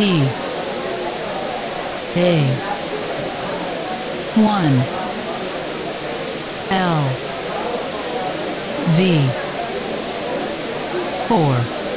T A 1 L V 4